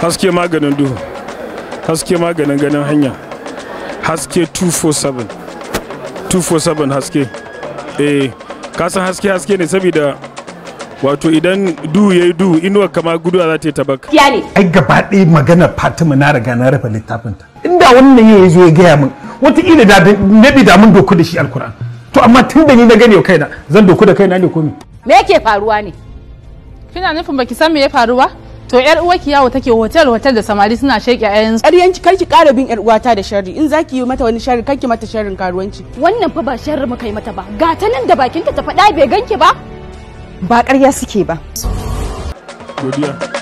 haske maganin duhu haske maganin ganin hanya haske 247 247 haske eh kasan haske haske ne saboda wato idan duhu ya yi duhu inuwar kama gudu za ta yi tabak. Ai gaba ɗaya maganar Fatima na riga na rufe littafinta. Inda wannan ya zo ya gaya min wataƙila da nabi da mun doku da shi alkur'an. To amma tun da ni na gane kaina zan doku da kaina ne komi. Me yake faruwa ne? Kina nufin baki san me ya faruwa to yar ki yawo take hotel hotel da samari suna sheke ayan ƙaryanci kar ki ƙara bin yar uwata da sharri in zaki yi mata wani sharri kar ki mata sharrin karuwanci wannan fa ba sharri muka yi mata ba ga ta nan da bakinta ta faɗa bai ganki ba ba ƙarya suke ba godiya